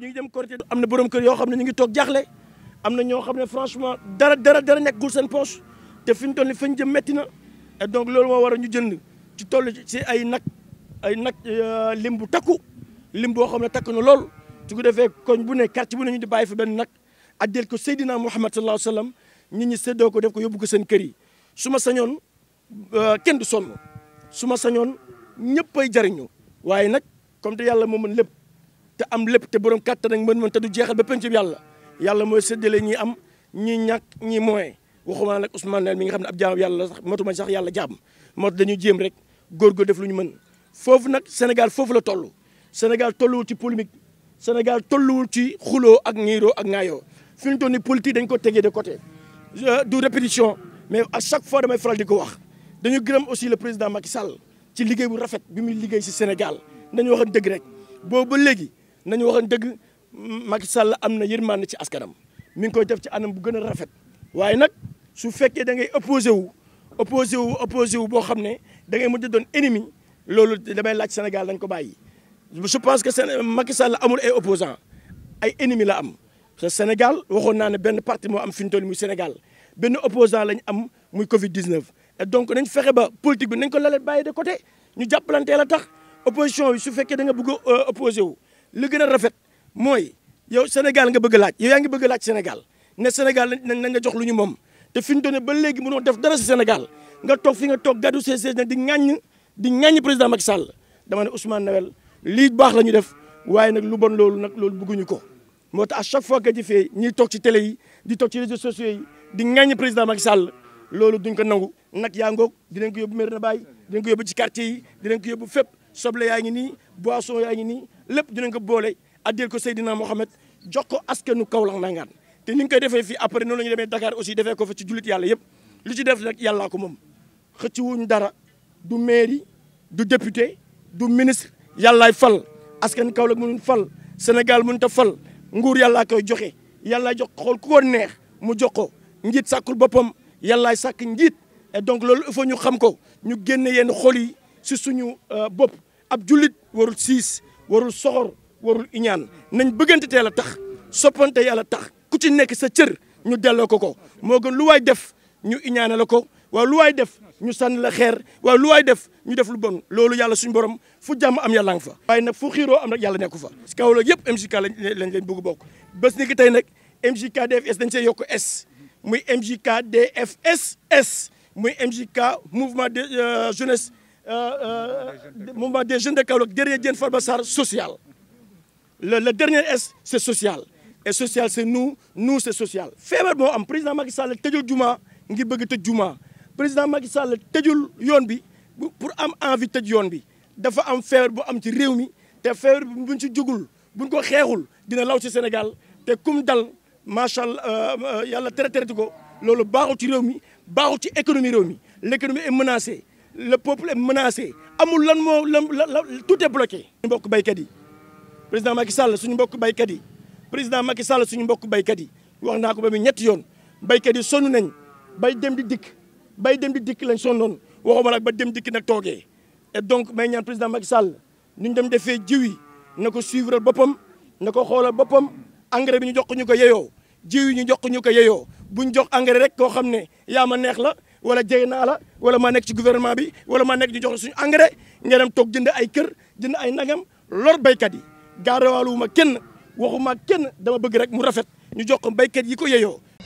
ñu ngi dem Korité am na borom kër yoo xam ne ñu ngi toog jaaxle am na ñoo xam ne franchement dara dara dara nekkul seen poche te fi ñu toll ni fañ jëm métti na donc loolu moo war a ñu jënd ci toll si ay nag ay nag euh, lim bu takku lim boo xam ne takku na lool su ko defee koñ bu ne quartier bu ne ñu di bàyyi fa benn nag addeel ko Seydina Muhammad sallallahu alayhi wa sallam nit ñi séddoo ko def ko yóbbu ko seen kër yi su ma sañoon euh, kenn du sonn su ma sañoon ñëpp ay jariñu waaye nag comme te yàlla moo mën lépp te am lépp te borom kàttan ak mën-mën te du jeexal ba penc bi yàlla yàlla mooy séddale ñi am ñi ñàkk ñi mooy waxuma nag Ousmane Noël mi nga xam ne ab jaam yàlla sax matuma sax yàlla jaam moo dañuy jéem rek góorgóor def lu ñu mën foofu nag Sénégal foofu la toll Sénégal tolluwul ci polémique Sénégal tolluwul ci xuloo ak ñiiroo ak ŋaayoo fi ñu toll ni politique dañ ko tegee de côté euh, du répétition mais à chaque fois damay faral di ko wax dañu gërëm aussi le président Macky Sall ci liggéey bu rafet bi muy liggéey si Sénégal nañu wax dëgg rek boobu ba léegi nañu waxoon dëgg Macky Sall am na yërmande ci askanam mi ngi koy def ci anam bu gën a rafet waaye nag su fekkee da ngay opposé wu opposé wu opposé wu boo xam ne da ngay mujj doon ennemi loolu damay laaj Sénégal dañ ko bàyyi je pense que Macky Sall amul ay opposant ay ennemi la am te Sénégal waxoon naa ne benn parti moo am fi mu toll muy Sénégal benn opposant lañu am muy Covid 19. et donc nañ fexe ba politique bi nañ ko laleen bàyyi de côté ñu jàppalantee la tax opposition bi su fekkee da nga bëgg a euh, wu. li gën a rafet mooy yow Sénégal nga bëgg laaj yow yaa ngi bëgg laaj Sénégal ne Sénégal nañ nga jox lu ñu moom te fi ñu doon ba léegi mu mënoo def dara si Sénégal nga toog fi nga toog gàddu see see di ŋàññ di ŋàññ président Macky Sall dama ne Ousmane Noël lii baax la ñu def waaye nag lu bon loolu nag loolu bëgguñu ko moo tax à chaque fois que jëfee ñiy toog ci télé yi di toog ci réseaux sociaux yi di ŋàññ président Macky Sall loolu duñ ko nangu nag yaa ngoog dinañ ko yóbbu Medina Baye dinañ ko yóbbu ci quartier yi dinañ ko yóbbu fépp soble yaa ngi nii boisson yaa ngi nii lépp dinañ ko boole addeel ko Seydina Mohamed jox ko askanu Kaolack nangaan te ni ñu koy defee fii après noonu la ñu demee Dakar aussi defee ko fa ci jullit yàlla yëpp lu ci def rek yàllaa ko moom xëcc wuñ dara du mairie du député du ministre yàllaay fal askan Kaolack mënuñ fal Sénégal mënut a fal nguur yàllaa koy joxe yàllaay jox xool ku ko neex mu jox ko njiit sakkul boppam yàllaay sakk njiit et donc loolu il ñu xam ko ñu génne yenn xol yi si suñu euh, bopp ab jullit warul siis warul soxor warul iñaan nañ bëggante teel a tax soppante yàlla tax ku ci nekk sa cër ñu delloo ko ko moo gën lu waay def ñu iñaane la ko waaw lu waay def ñu sànni la xeer waaw lu waay def ñu def lu bon loolu yàlla suñu borom fu jàmm am yàlla nga fa waaye nag fu xiiroo am nag yàlla nekku fa Kaolack yëpp MJK lañ lañ leen bëgg bokk bés ni ki tey nag MJK DFS dañ see yokk S muy MJK DFSS muy MJK mouvement de euh, jeunesse Euh, euh, mouvement des jeunes de Kaolack derrière Diène Farba Sarr social le le dernier S c'est social e social c'est nous nous se social feebar boo am président Macky Sall tëjul jumaa ngir bëgg tëj jumaa président Macky Sall tejul yoon bi pour am envie tëj yoon bi dafa am feebar bu am ci réew mi te feebar bi buñ ci jugul buñ ko xeexul dina law ci Sénégal te kum dal macha allah euh, yàlla tere tereti ko loolu baaxul ci réew mi baaxul ci économie réew mi l'économie est menacée le peuple est menacé amul lan moo lan la tout est bloqué. suñu mbokk béykat yi président Macky Sall suñu mbokk béykat yi président Macky Sall suñu mbokk béykat yi wax naa ko ba mu ñetti yoon béykat yi sonn nañ bay dem di dikk bay dem di dikk lañ sonnoon waxuma nag ba dem dikk nag toogee. et donc may ñaan président Macky Sall nu dem defee jiw yi na ko suivre boppam na ko xoolal boppam engrais bi ñu jox ko ñu ko yeyoo jiw yi ñu jox ko ñu ko yeyoo bu ñu jox engrais rek koo xam ne yaa ma neex la. wala jege naa la wala ma nekk ci gouvernement bi wala ma nekk ñu jox suñu engrais nga dem toog jënd ay kër jënd ay nangam lor béykat yi ma kenn waxuma kenn dama bëgg rek mu rafet ñu jox ko béykat yi ko yeyoo